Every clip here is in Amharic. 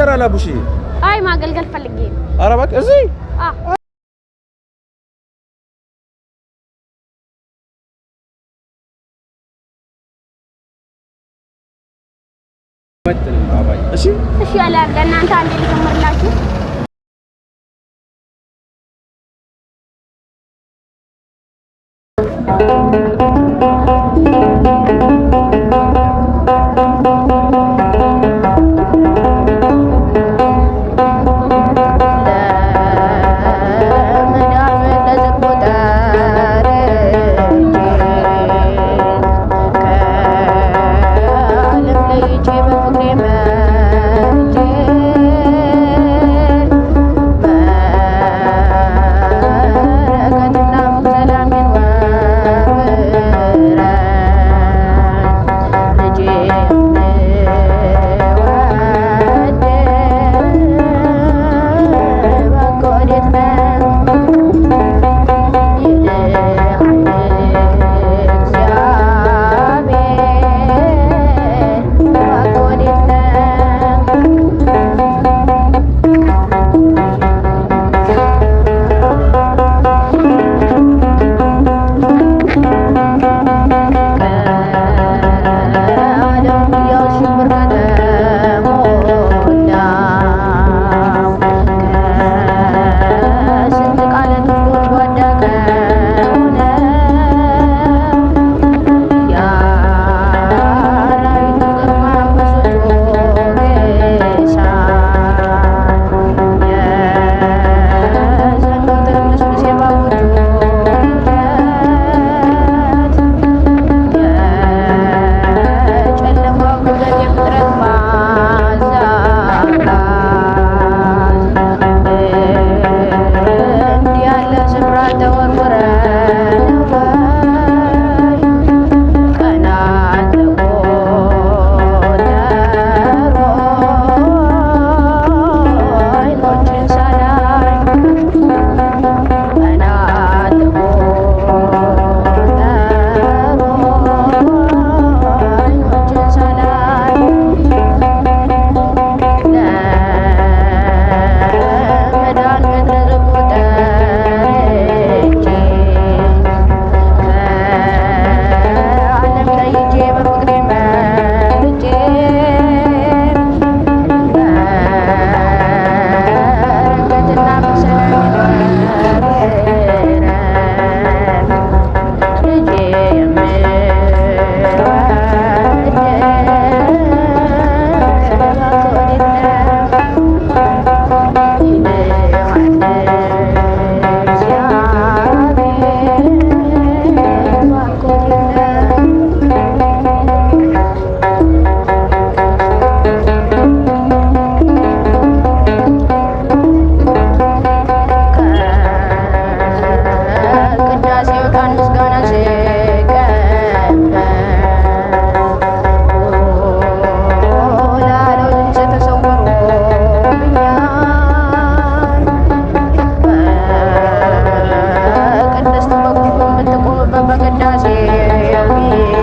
ትሰራለህ አቡሽ? አይ ማገልገል ፈልጌ ነው። ኧረ እባክህ እዚህ እሺ እሺ፣ ያለ ለእናንተ አንዴ ልጨምርላችሁ። Thank you.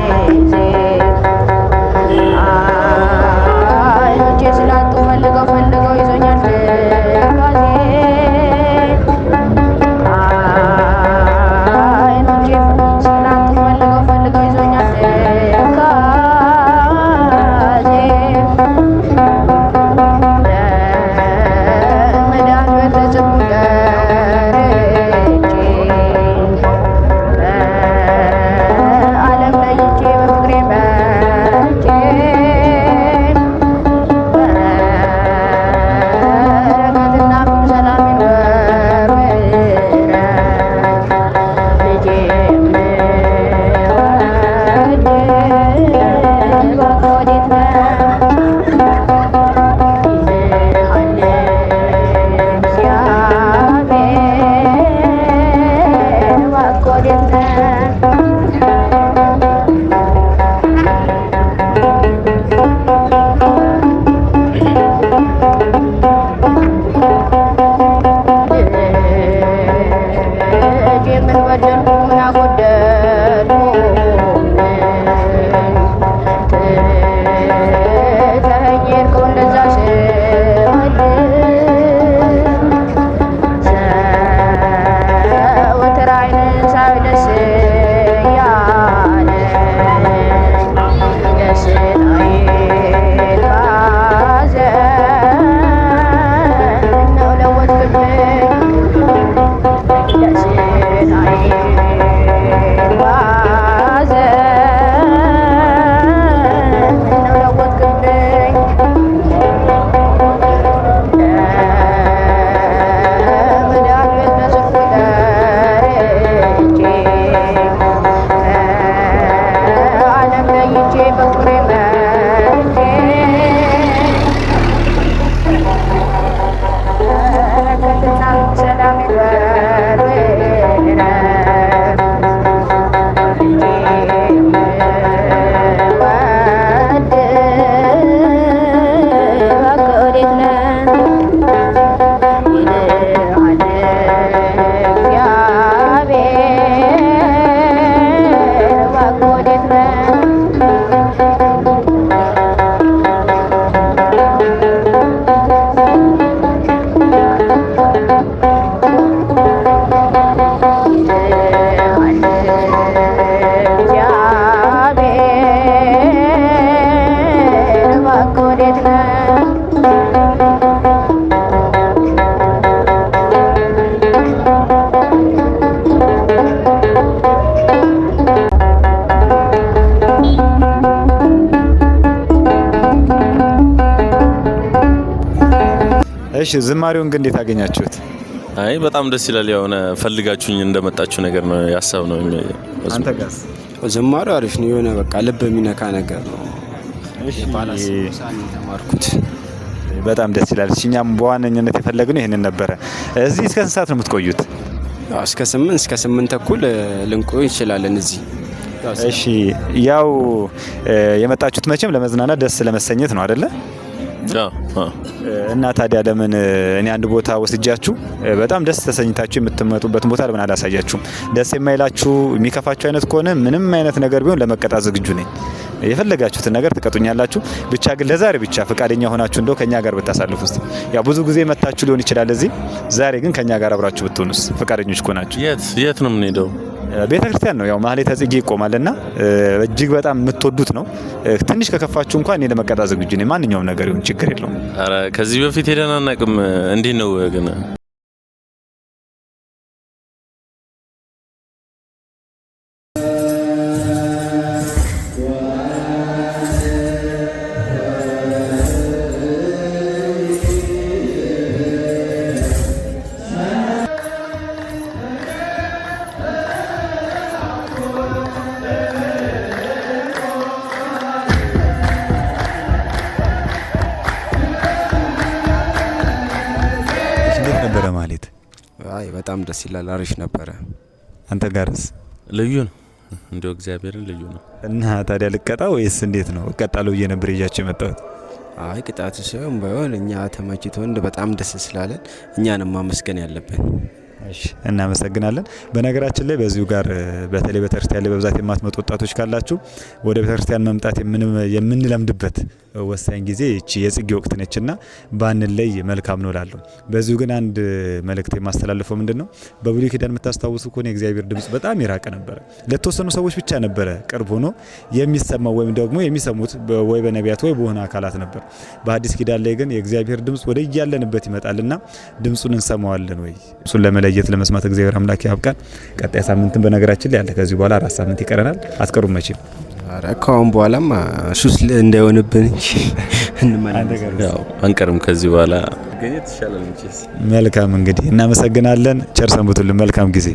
哎。রাখবেন እሺ ዝማሬውን ግን እንዴት አገኛችሁት? አይ በጣም ደስ ይላል። የሆነ ፈልጋችሁኝ እንደመጣችሁ ነገር ነው ያሳብ ነው። አንተ ጋስ ዝማሬው አሪፍ ነው። የሆነ በቃ ልብ የሚነካ ነገር ነው። ተማርኩት። በጣም ደስ ይላል። እኛም በዋነኝነት የፈለግነው ይህንን ነበረ። እዚህ እስከ ስንት ሰዓት ነው የምትቆዩት? እስከ ስምንት እስከ ስምንት ተኩል ልንቆይ እንችላለን እዚህ። እሺ ያው የመጣችሁት መቼም ለመዝናናት ደስ ለመሰኘት ነው አደለ? እና ታዲያ ለምን እኔ አንድ ቦታ ወስጃችሁ በጣም ደስ ተሰኝታችሁ የምትመጡበትን ቦታ ለምን አላሳያችሁም? ደስ የማይላችሁ የሚከፋችሁ አይነት ከሆነ ምንም አይነት ነገር ቢሆን ለመቀጣት ዝግጁ ነኝ። የፈለጋችሁትን ነገር ትቀጡኛላችሁ። ብቻ ግን ለዛሬ ብቻ ፈቃደኛ ሆናችሁ እንደው ከኛ ጋር ብታሳልፉ ውስጥ ያው ብዙ ጊዜ መታችሁ ሊሆን ይችላል እዚህ። ዛሬ ግን ከኛ ጋር አብራችሁ ብትሆኑስ ፈቃደኞች ከሆናችሁ የት የት ነው የምንሄደው? ቤተ ክርስቲያን ነው። ያው ማህሌተ ጽጌ ይቆማልና እጅግ በጣም የምትወዱት ነው። ትንሽ ከከፋችሁ እንኳን እኔ ለመቀጣ ዝግጁ ነኝ። ማንኛውም ነገር ይሁን ችግር የለውም። ከዚህ በፊት ሄደን አናውቅም። እንዴት ነው ግን? በጣም ደስ ይላል። አሪፍ ነበረ። አንተ ጋርስ? ልዩ ነው እንደው እግዚአብሔርን ልዩ ነው። እና ታዲያ ልቀጣ ወይስ እንዴት ነው? እቀጣለሁ ብዬ ነበር ይዣቸው የመጣሁት። አይ ቅጣት ሲሆን ባይሆን እኛ እንደ በጣም ደስ ስላለን እኛንም ማመስገን ያለብን እናመሰግናለን። በነገራችን ላይ በዚሁ ጋር በተለይ ቤተክርስቲያን ላይ በብዛት የማትመጡ ወጣቶች ካላችሁ ወደ ቤተክርስቲያን መምጣት የምንለምድበት ወሳኝ ጊዜ ይቺ የጽጌ ወቅት ነች ና ባንን ላይ መልካም ነው ላለሁ። በዚሁ ግን አንድ መልእክት የማስተላልፈው ምንድን ነው፣ በብሉይ ኪዳን የምታስታውሱ ከሆነ የእግዚአብሔር ድምፅ በጣም ይራቅ ነበረ። ለተወሰኑ ሰዎች ብቻ ነበረ ቅርብ ሆኖ የሚሰማው ወይም ደግሞ የሚሰሙት ወይ በነቢያት ወይ በሆነ አካላት ነበር። በአዲስ ኪዳን ላይ ግን የእግዚአብሔር ድምፅ ወደ እያለንበት ይመጣልና ድምፁን እንሰማዋለን ወይ እሱን ለየት ለመስማት እግዚአብሔር አምላክ ያብቃን። ቀጣይ ሳምንትን በነገራችን ላይ አለ። ከዚህ በኋላ አራት ሳምንት ይቀረናል። አትቀሩም መቼም ከአሁን በኋላም ሱስ እንዳይሆንብን አንቀርም። ከዚህ በኋላ መልካም እንግዲህ እናመሰግናለን። ቸር ሰንብቱልን። መልካም ጊዜ